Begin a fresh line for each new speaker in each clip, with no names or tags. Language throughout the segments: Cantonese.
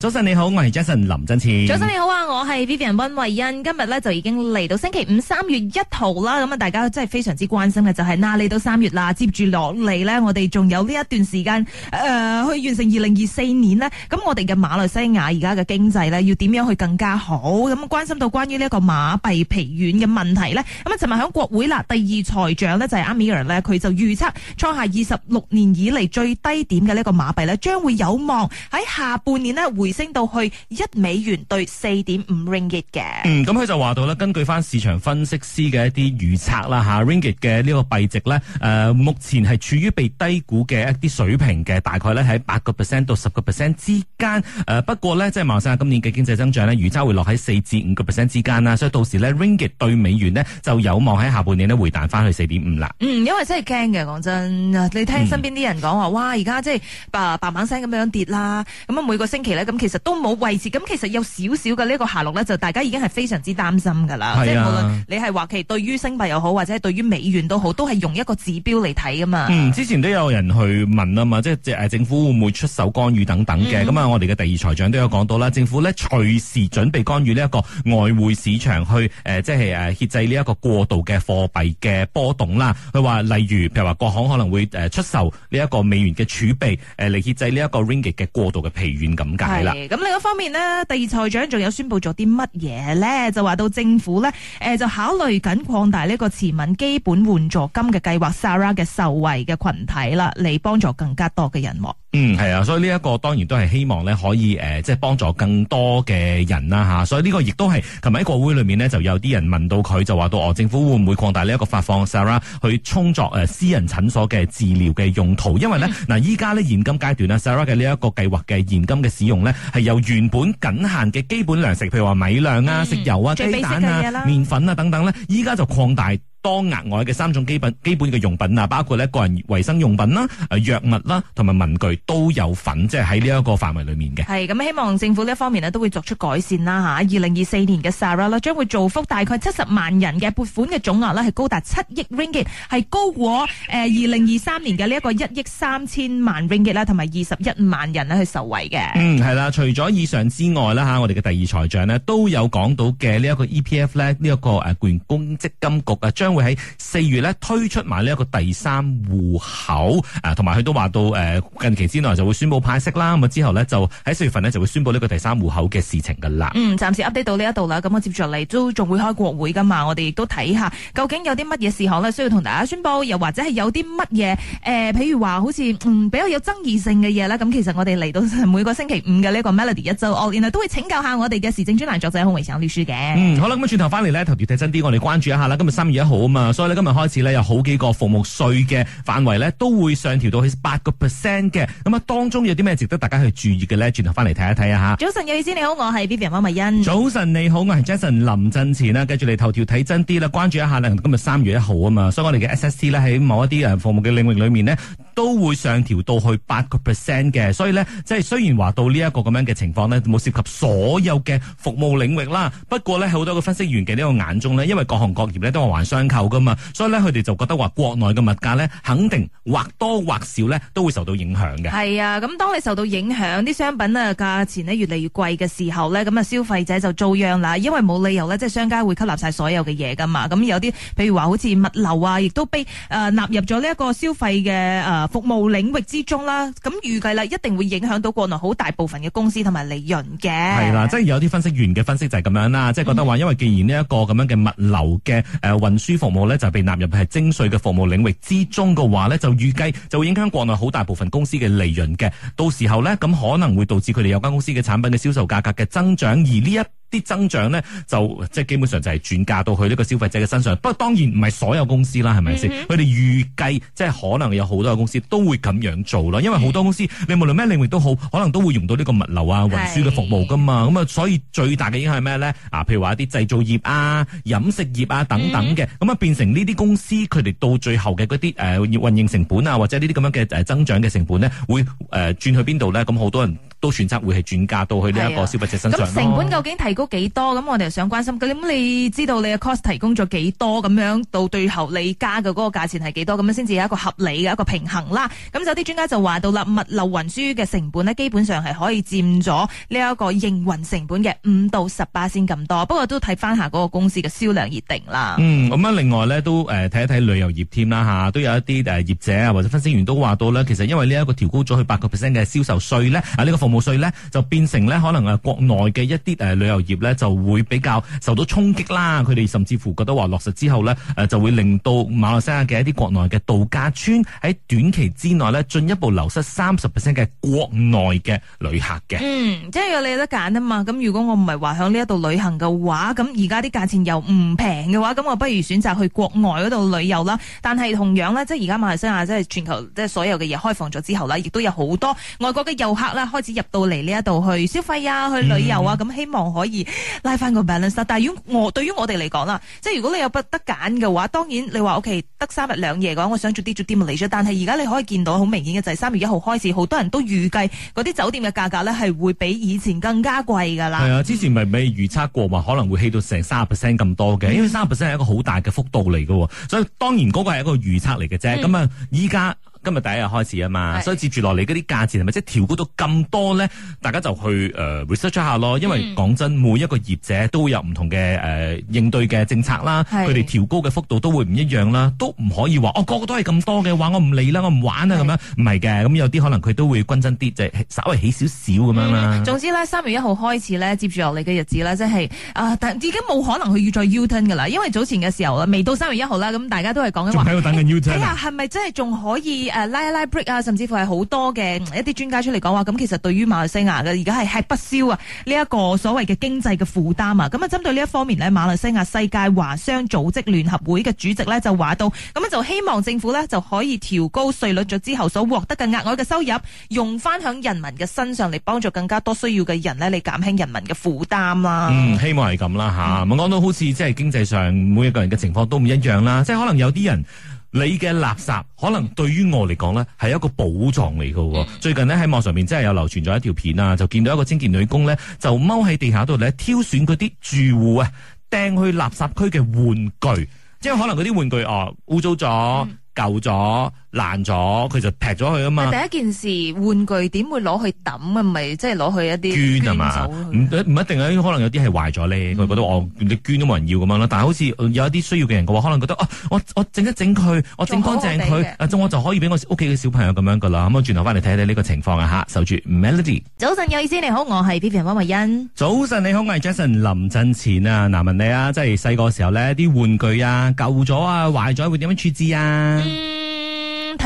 早晨你好，我係 Jason 林振慈。早晨你
好啊，我係 Vivian 溫慧欣。今日咧就已經嚟到星期五三月一號啦，咁啊大家真係非常之關心嘅就係、是、嗱，嚟到三月啦，接住落嚟呢，我哋仲有呢一段時間誒去完成二零二四年呢。咁我哋嘅馬來西亞而家嘅經濟呢，要點樣去更加好？咁關心到關於呢一個馬幣疲軟嘅問題呢。咁啊尋日響國會啦，第二財長呢，就係阿米爾呢，佢就預測創下二十六年以嚟最低點嘅呢個馬幣呢，將會有望喺下半年呢。回。提升到去一美元兌四點五 ringgit 嘅。嗯，咁佢就話
到咧，根據翻市場分析師嘅一啲預測啦，吓、啊、ringgit 嘅呢個幣值咧，誒、呃，目前係處於被低估嘅一啲水平嘅，大概咧喺八個 percent 到十個 percent 之間。誒、呃，不過咧，即係馬生，今年嘅經濟增長咧，預期會落喺四至五個 percent 之間啦，所以到時咧，ringgit 對美元呢，就有望喺下半年咧回彈翻去四點五啦。嗯，
因為真係驚嘅，講真，你聽身邊啲人講話、嗯，哇，而家即係白白猛聲咁樣跌啦，咁啊，每個星期咧咁。其實都冇位置，咁其實有少少嘅呢個個下落咧，就大家已經係非常之擔心噶啦、啊。即係無論你係話其實對於星幣又好，或者對對於美元都好，都係用一個指標嚟睇噶嘛。嗯，之前
都有人去問啊嘛，即係政府會唔會出手干預等等嘅。咁、嗯、啊，我哋嘅第二財長都有講到啦，政府咧隨時準備干預呢一個外匯市場去，去、呃、即係誒遏制呢一個過度嘅貨幣嘅波動啦。佢話例如譬如話國行可能會誒出售呢一個美元嘅儲備，誒嚟遏制呢一個 ringgit 嘅過度嘅疲軟咁解。咁
另一方面咧，第二財長仲有宣布咗啲乜嘢咧？就話到政府咧，誒、呃，就考慮緊擴大呢個慈憫基本援助金嘅計劃，Sarah 嘅受惠嘅群體啦，嚟幫助更加多嘅人。
嗯，係啊，所以呢一個當然都係希望咧，可以誒、呃，即係幫助更多嘅人啦，吓，所以呢個亦都係，琴日喺國會裏面呢，就有啲人問到佢，就話到，我、哦、政府會唔會擴大呢一個發放 Sara 去充作誒、呃、私人診所嘅治療嘅用途？因為咧，嗱、嗯，依家咧現今階段啊 Sara 嘅呢一個計劃嘅現金嘅使用咧，係由原本僅限嘅基本糧食，譬如話米量啊、嗯、食油啊、雞蛋啊、麵粉啊等等咧，依家就擴大。多額外嘅三種基本基本嘅用品啊，包括咧個人衞生用品啦、誒藥物啦同埋文具都有份，即係喺呢一個範圍裡面
嘅。係咁，希望政府呢一方面咧都會作出改善啦嚇。二零二四年嘅 Sara 咧將會造福大概七十萬人嘅撥款嘅總額咧係高達七億 ringgit，係高過誒二零二三年嘅呢一個一億三千萬 ringgit 啦，同埋二十一萬人咧去受惠嘅。嗯，
係啦，除咗以上之外啦嚇，我哋嘅第二財長咧都有講到嘅呢一個 EPF 咧呢一個誒僱員公積金局啊將。將會喺四月咧推出埋呢一個第三戶口啊，同埋佢都話到誒，近期之內就會宣布派息啦。咁之後呢，就喺四月份呢就會宣布呢個第三戶口嘅事情噶啦。嗯，
暫時 update 到呢一度啦。咁我接住落嚟都仲會開國會噶嘛，我哋亦都睇下究竟有啲乜嘢事項咧需要同大家宣布，又或者係有啲乜嘢誒，譬如話好似嗯比較有爭議性嘅嘢啦。咁其實我哋嚟到每個星期五嘅呢個 Melody 一周，我原來都會請教下我哋嘅時政專欄作者洪偉強律師嘅。嗯，
好啦，咁轉頭翻嚟呢，頭條睇真啲，我哋關注一下啦。今日三月一號。好嘛，所以咧今日開始咧有好幾個服務稅嘅範圍咧都會上調到去八個 percent 嘅，咁啊當中有啲咩值得大家去注意嘅咧？轉頭翻嚟睇一睇啊吓！早晨有意思，你好，
我係 B B 媽咪欣。
早晨你好，我係 Jason 林振前啦，繼續嚟頭條睇真啲啦，關注一下啦。今日三月一號啊嘛，所以我哋嘅 S S T 咧喺某一啲誒服務嘅領域裏面呢，都會上調到去八個 percent 嘅，所以咧，即係雖然話到呢一個咁樣嘅情況呢，冇涉及所有嘅服務領域啦。不過呢，喺好多嘅分析員嘅呢個眼中呢，因為各行各業呢都互惠相扣噶嘛，所以呢，佢哋就覺得話國內嘅物價呢，肯定或多或少呢都會受到影響嘅。
係啊，咁當你受到影響，啲商品啊價錢呢越嚟越貴嘅時候呢，咁啊消費者就遭殃啦，因為冇理由呢，即係商家會吸納晒所有嘅嘢噶嘛。咁有啲譬如話好似物流啊，亦都被誒納、呃、入咗呢一個消費嘅服務領域之中啦，咁預計咧一定會影響到國內好大部分嘅公司同埋利潤嘅。係啦，
即係有啲分析員嘅分析就係咁樣啦，即係覺得話，因為既然呢一個咁樣嘅物流嘅誒運輸服務呢，就被納入係徵稅嘅服務領域之中嘅話呢，就預計就會影響國內好大部分公司嘅利潤嘅。到時候呢，咁可能會導致佢哋有間公司嘅產品嘅銷售價格嘅增長，而呢一啲增長咧就即係基本上就係轉嫁到去呢個消費者嘅身上。不過當然唔係所有公司啦，係咪先？佢哋、mm-hmm. 預計即係可能有好多嘅公司都會咁樣做咯。因為好多公司你、mm-hmm. 無論咩領域都好，可能都會用到呢個物流啊、運輸嘅服務噶嘛。咁啊，所以最大嘅影響係咩咧？啊，譬如話一啲製造業啊、飲食業啊等等嘅，咁啊、mm-hmm. 變成呢啲公司佢哋到最後嘅嗰啲誒運營成本啊，或者呢啲咁樣嘅誒增長嘅成本咧，會誒轉去邊度咧？咁好多人都選擇會係轉嫁到去呢一個消費者身上、mm-hmm. 成本究
竟係？嗰幾多咁，我哋又想關心咁，你知道你嘅 cost 提供咗幾多咁樣，到最後你加嘅嗰個價錢係幾多咁樣先至有一個合理嘅一個平衡啦。咁有啲專家就話到啦，物流運輸嘅成本咧，基本上係可以佔咗呢一個營運成本嘅五到十巴仙咁多。不過都睇翻下嗰個公司嘅銷量而定啦。嗯，
咁啊，另外呢，都誒睇、呃、一睇旅遊業添啦嚇，都有一啲誒業者啊或者分析員都話到呢，其實因為呢一個調高咗去八個 percent 嘅銷售稅咧啊，呢、這個服務稅咧就變成呢可能誒國內嘅一啲誒旅遊。業就會比較受到衝擊啦，佢哋甚至乎覺得話落實之後呢，誒、呃、就會令到馬來西亞嘅一啲國內嘅度假村喺短期之內呢，進一步流失三十 percent 嘅國內嘅旅客嘅。嗯，
即係有你得揀啊嘛，咁如果我唔係話響呢一度旅行嘅話，咁而家啲價錢又唔平嘅話，咁我不如選擇去國外嗰度旅遊啦。但係同樣呢，即係而家馬來西亞即係全球即係所有嘅嘢開放咗之後啦，亦都有好多外國嘅遊客啦開始入到嚟呢一度去消費啊，去旅遊啊，咁、嗯嗯、希望可以。拉翻個 balance，但係如果我對於我哋嚟講啦，即係如果你有不得揀嘅話，當然你話 OK 得三日兩夜嘅話，我想做啲做啲嚟咗。但係而家你可以見到好明顯嘅就係三月一號開始，好多人都預計嗰啲酒店嘅價格咧係會比以前更加貴噶啦。係啊，
之前咪未預測過話可能會起到成三十 percent 咁多嘅，因為三十 percent 係一個好大嘅幅度嚟嘅，所以當然嗰個係一個預測嚟嘅啫。咁、嗯、啊，依家。今日第一日開始啊嘛，所以接住落嚟嗰啲價錢係咪即係調高到咁多咧？大家就去誒、呃、research 一下咯。因為講、嗯、真，每一個業者都會有唔同嘅誒、呃、應對嘅政策啦，佢哋調高嘅幅度都會唔一樣啦，都唔可以話哦個個都係咁多嘅話，我唔理啦，我唔玩啦咁樣，唔係嘅。咁有啲可能佢都會均真啲，即、就、係、是、稍微起少少咁樣啦。總
之咧，三月一號開始咧，接住落嚟嘅日子呢，即係啊、呃，但係已經冇可能去要再 U-turn 嘅啦，因為早前嘅時候啦，未到三月一號啦，咁大家都係講緊喺度等緊 U-turn 係咪真係仲可以？誒，拉一拉 break 啊，甚至乎係好多嘅一啲專家出嚟講話，咁其實對於馬來西亞嘅而家係吃不消啊，呢一個所謂嘅經濟嘅負擔啊，咁啊針對呢一方面呢，馬來西亞世界華商組織聯合會嘅主席呢就話到，咁就希望政府呢就可以調高稅率咗之後所獲得嘅額外嘅收入，用翻響人民嘅身上嚟幫助更加多需要嘅人呢嚟減輕人民嘅負擔啦。嗯，
希望係咁啦吓，講、嗯、到好似即係經濟上每一個人嘅情況都唔一樣啦，即係可能有啲人。你嘅垃圾可能對於我嚟講咧係一個寶藏嚟噶喎，最近咧喺網上面真係有流傳咗一條片啊，就見到一個清潔女工咧就踎喺地下度咧挑選嗰啲住戶啊掟去垃圾區嘅玩具，即係可能嗰啲玩具哦污糟咗、舊咗。爛咗，佢就劈咗佢啊嘛。第一
件事，玩具點會攞去抌啊？咪即係攞去一啲捐啊？嘛，
唔一定可能有啲係壞咗咧，佢、嗯、覺得我你捐都冇人要咁樣啦。但係好似有一啲需要嘅人嘅話，可能覺得哦、啊，我我整一整佢，我整乾淨佢，我，好好我，我就可以俾我屋企嘅小朋友咁樣噶啦。咁、嗯、我轉頭翻嚟睇睇呢個情況啊吓，守住 Melody。
早晨，有意思，你好，我係 Vivian 汪慧欣。
早晨，你好，我係 Jason 林振前啊。嗱、啊，問你啊，即係細個時候咧，啲玩具啊舊咗啊壞咗，會點樣處置啊？嗯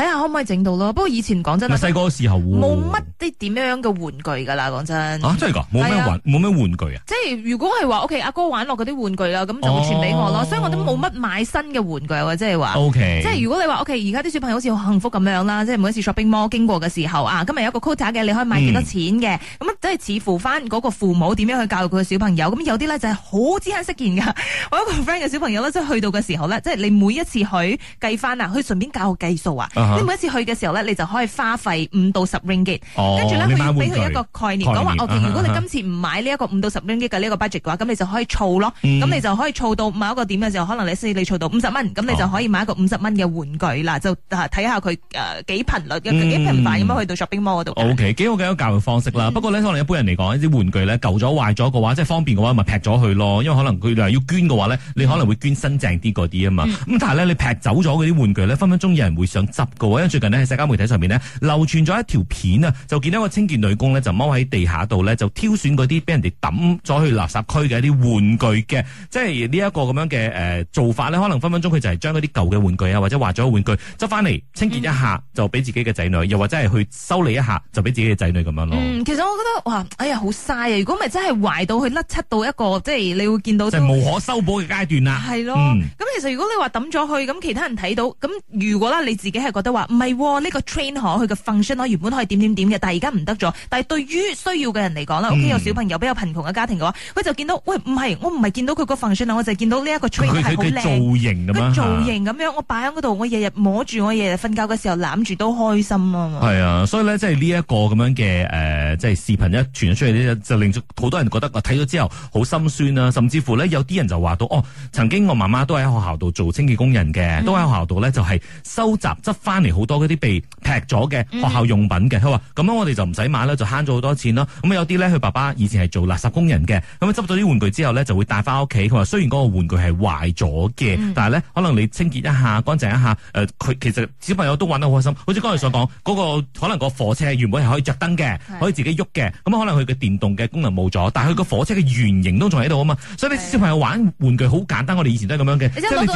睇下可唔可以整到咯？不過以前講真，細個嘅
時候冇
乜啲點樣嘅玩具噶啦，講真、啊。真係噶，冇咩玩，冇咩、啊、玩具啊！即係如果係話屋企阿哥玩落嗰啲玩具啦，咁就會傳俾我咯、哦。所以我都冇乜買新嘅玩具啊，即係話、okay。即係如果你話屋企而家啲小朋友好似好幸福咁樣啦，即係每一次 shopping mall 經過嘅時候啊，今日有一個 quota 嘅，你可以買幾多錢嘅，咁都係視乎翻嗰個父母點樣去教育佢嘅小朋友。咁有啲咧就係好知慳識儉噶。我一個 friend 嘅小朋友咧、就是，即係去到嘅時候咧，即係你每一次去計翻啊，去順便教我計數啊。Uh -huh. 你每一次去嘅時候咧，你就可以花費五到十 ringgit 跟住咧佢俾佢一個概念，講話，O K，如果你今次唔買呢一個五到十 ringgit 嘅呢一個 budget 嘅話，咁你就可以儲咯，咁、嗯、你就可以儲到某一個點嘅時候，可能你四你儲到五十蚊，咁你就可以買一個五十蚊嘅玩具啦、哦，就睇下佢誒幾頻率、嗯、幾頻繁咁、嗯、樣去到 shopping mall 嗰度。
O K，幾好嘅教育方式啦。嗯、不過咧，可能一般人嚟講，啲玩具咧舊咗壞咗嘅話，即係方便嘅話，咪劈咗佢咯。因為可能佢要捐嘅話咧，你可能會捐新淨啲嗰啲啊嘛。咁、嗯、但係咧，你劈走咗嗰啲玩具咧，分分鐘有人會想執。個，因為最近呢喺社交媒體上面呢，流傳咗一條片啊，就見到一個清潔女工呢，就踎喺地下度呢，就挑選嗰啲俾人哋抌咗去垃圾區嘅一啲玩具嘅，即係呢一個咁樣嘅誒、呃、做法呢，可能分分鐘佢就係將嗰啲舊嘅玩具啊或者壞咗嘅玩具執翻嚟清潔一下，嗯、就俾自己嘅仔女，又或者係去修理一下就俾自己嘅仔女咁樣咯、嗯。
其實我覺得哇，哎呀好嘥啊！如果唔係真係壞到去甩七到一個，即、就、係、是、你會見到就是、無可修
補嘅階段啊。係 咯，
咁、嗯、其實如果你話抌咗去，咁其他人睇到，咁如果啦你自己係個。都話唔係呢個 train 喎，佢嘅 function 可原本可以點點點嘅，但係而家唔得咗。但係對於需要嘅人嚟講啦，屋企，有小朋友比較貧窮嘅家庭嘅話，佢就見到，喂，唔係，我唔係見到佢個 function 啊，我就見到呢一個 train 係好
靚，佢造型
咁樣，啊，我擺喺嗰度，我日日摸住，我日日瞓覺嘅時候攬住都開心啊嘛。係
啊，所以呢，即係呢一個咁樣嘅誒、呃，即係視頻一傳咗出嚟就令到好多人覺得我睇咗之後好心酸啊。甚至乎呢，有啲人就話到，哦，曾經我媽媽都喺學校度做清潔工人嘅，嗯，都喺學校度呢，就係收集執翻。翻嚟好多嗰啲被劈咗嘅學校用品嘅，佢話咁樣我哋就唔使買啦，就慳咗好多錢咯。咁有啲咧，佢爸爸以前係做垃圾工人嘅，咁啊執咗啲玩具之後咧，就會帶翻屋企。佢話雖然嗰個玩具係壞咗嘅，嗯，但係咧可能你清潔一下，乾淨一下，誒、呃、佢其實小朋友都玩得好開心。好似剛才所講嗰、嗰個可能個火車原本係可以着燈嘅，可以自己喐嘅，咁可能佢嘅電動嘅功能冇咗，但係佢個火車嘅原型都仲喺度啊嘛。所以你小朋友玩玩具好簡單，我哋以前都係咁樣嘅，你即係個你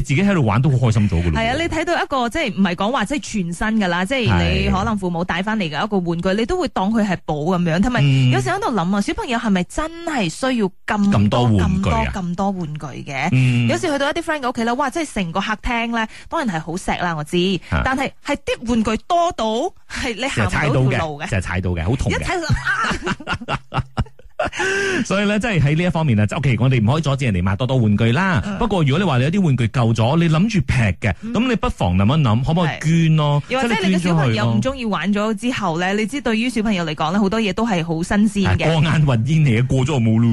自己喺度玩都好開心 係啊，
你睇到一個即係唔係講話即係全新噶啦，即係你可能父母帶翻嚟嘅一個玩具，你都會當佢係寶咁樣。同埋有時喺度諗啊，小朋友係咪真係需要咁咁多，多玩具咁、啊、多玩具嘅、嗯，有時去到一啲 friend 嘅屋企咧，哇！即係成個客廳咧，當然係好錫啦，我知。但係係啲玩具多到係 你行唔到路嘅，即係踩
到嘅，好痛嘅。一踩到啊！ 所以咧，真係喺呢一方面啊，ok 我哋唔可以阻止人哋買多多玩具啦、嗯。不過如果你話你有啲玩具夠咗，你諗住劈嘅，咁、嗯、你不妨諗一諗，可唔可以捐咯？又或者你嘅小朋友唔中
意玩咗之後咧，你知對於小朋友嚟講咧，好多嘢都係好新鮮嘅。過眼
雲煙嚟嘅，過咗就冇咯。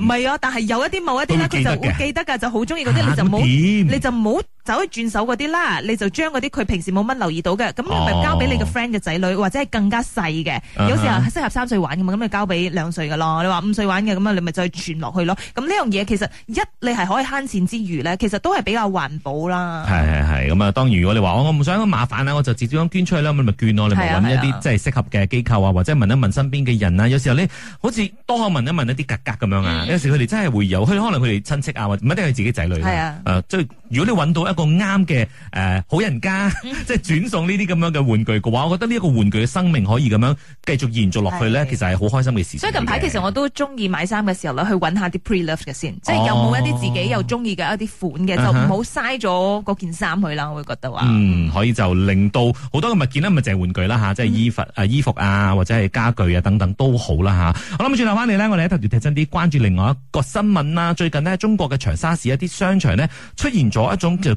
唔係
啊，但係有一啲某一啲咧，其實會記得㗎，就好中意嗰啲你就冇，你就冇。啊。就可以轉手嗰啲啦，你就將嗰啲佢平時冇乜留意到嘅，咁你咪交俾你個 friend 嘅仔女，oh. 或者係更加細嘅，有時候適合三歲玩嘅，咁咪交俾兩歲噶咯。你話五歲玩嘅，咁啊你咪再轉落去咯。咁呢樣嘢其實一你係可以慳錢之餘咧，其實都係比較環保啦。係
係係，咁啊當然如果你話我唔想咁麻煩啦，我就直接咁捐出去啦，咪咪捐咯。你咪搵一啲即係適合嘅機構啊，或者係問一問身邊嘅人啊，有時候你好似多可問一問一啲格格咁樣啊、嗯，有時佢哋真係會有，佢可能佢哋親戚啊，或者係自己仔女。係啊，即、呃、係如果你搵到。一個啱嘅誒，好人家 即係轉送呢啲咁樣嘅玩具嘅話，我覺得呢一個玩具嘅生命可以咁樣繼續延續落去咧，其實係好開心嘅事。所以近排其實我
都中意買衫嘅時候咧，去揾下啲 pre-loved 嘅先，哦、即係有冇一啲自己又中意嘅一啲款嘅，哦，就唔好嘥咗嗰件衫去啦。我會覺得話，
嗯，可以就令到好多嘅物件啦，唔係淨係玩具啦吓，啊，即係衣服、嗯啊、衣服啊或者係家具啊等等都好啦吓，啊。好啦，咁轉頭翻嚟咧，我哋咧特先睇真啲關注另外一個新聞啦、啊。最近呢，中國嘅長沙市一啲商場呢，出現咗一種叫、嗯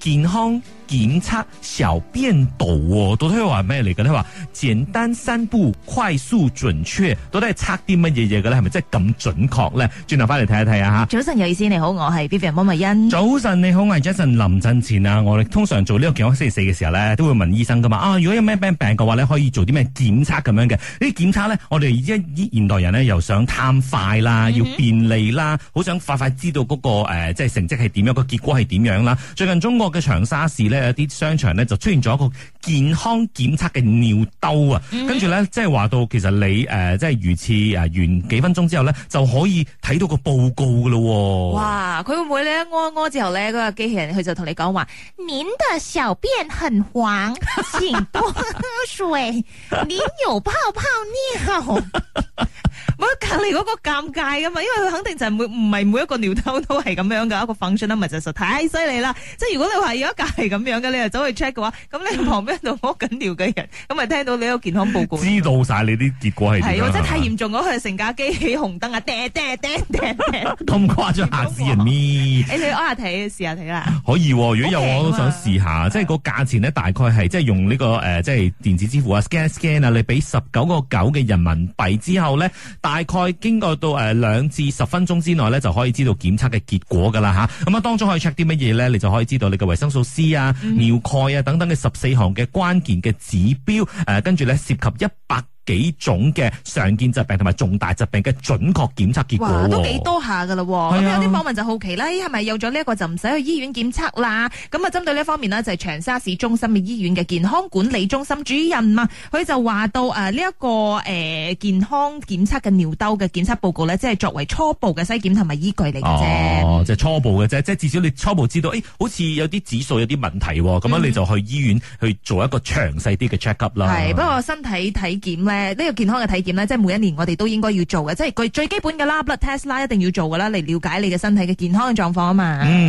健康檢測小便導、哦，到底佢話咩嚟噶咧？話簡單三步，快速準確，到底係測啲乜嘢嘢噶咧？係咪真咁準確咧？轉頭翻嚟睇一睇啊吓！
早晨有意思，你好，我係 Melody 麥欣。
早晨你好，我係 Jason 林振前啊！我哋通常做呢個健康星期四嘅時候咧，都會問醫生噶嘛啊！如果有咩病病嘅話咧，可以做啲咩檢測咁樣嘅？啲檢測咧，我哋而家依現代人咧，又想貪快啦，要便利啦，好、嗯、想快快知道嗰、嗰個誒，即、呃、係成績係點樣，個結果係點樣啦。最近中國。喺長沙市咧，有啲商場咧就出現咗一個健康檢測嘅尿兜啊、嗯，跟住咧即係話到，其實你誒即係如次誒完幾分鐘之後咧，就可以睇到個報告噶咯喎。哇！
佢會唔會咧屙屙之後咧，嗰個機器人佢就同你講話， 您的小便很黃，請多喝水， 您有泡泡尿。 你嗰個尷尬噶嘛？因為佢肯定就係每唔係每一個尿兜都係咁樣噶，一個 function 咪就實太犀利啦！即係如果你話有一屆係咁樣嘅，你又走去 check 嘅話，咁你旁邊度屙緊尿嘅人，咁咪聽到你個健康報
告，知道晒你啲結果係點啊？係啊，即係太
嚴重嗰，佢成架機起紅燈啊，嗲嗲嗲嗲
嗲！咁誇張下死人咪？你
去屙下睇，試下睇啦。
可以，如果有我都想試下。即係個價錢咧，大概係即係用呢個誒，即係電子支付啊，scan scan 啊，你俾十九個九嘅人民幣之後咧，大概。再經過到誒兩至十分鐘之內咧，就可以知道檢測嘅結果噶啦吓。咁啊，當中可以 check 啲乜嘢咧？你就可以知道你嘅維生素 C 啊、尿、嗯、鈣啊等等嘅十四項嘅關鍵嘅指標。誒、啊，跟住咧涉及一百。幾種嘅常見疾病同埋重大疾病嘅準確檢測結果，哇，都幾多
下噶啦、啊。咁、啊、有啲網民就好奇啦，咦，係咪有咗呢一個就唔使去醫院檢測啦？咁啊，針對呢一方面呢，就係、是、長沙市中心嘅醫院嘅健康管理中心主任嘛，佢就話到誒呢一個誒、呃、健康檢測嘅尿兜嘅檢測報告呢，即係作為初步嘅篩檢同埋依據嚟嘅啫。哦、啊，係、就
是、初步嘅啫，即係至少你初步知道，誒、哎，好似有啲指數有啲問題，咁、嗯、樣你就去醫院去做一個詳細啲嘅 check up 啦。係，不
過身體體檢。誒，呢個健康嘅體檢咧，即係每一年我哋都應該要做嘅，即係佢最基本嘅 lab test 啦， 一定要做噶啦，嚟了解你嘅身體嘅健康嘅狀況啊嘛。嗯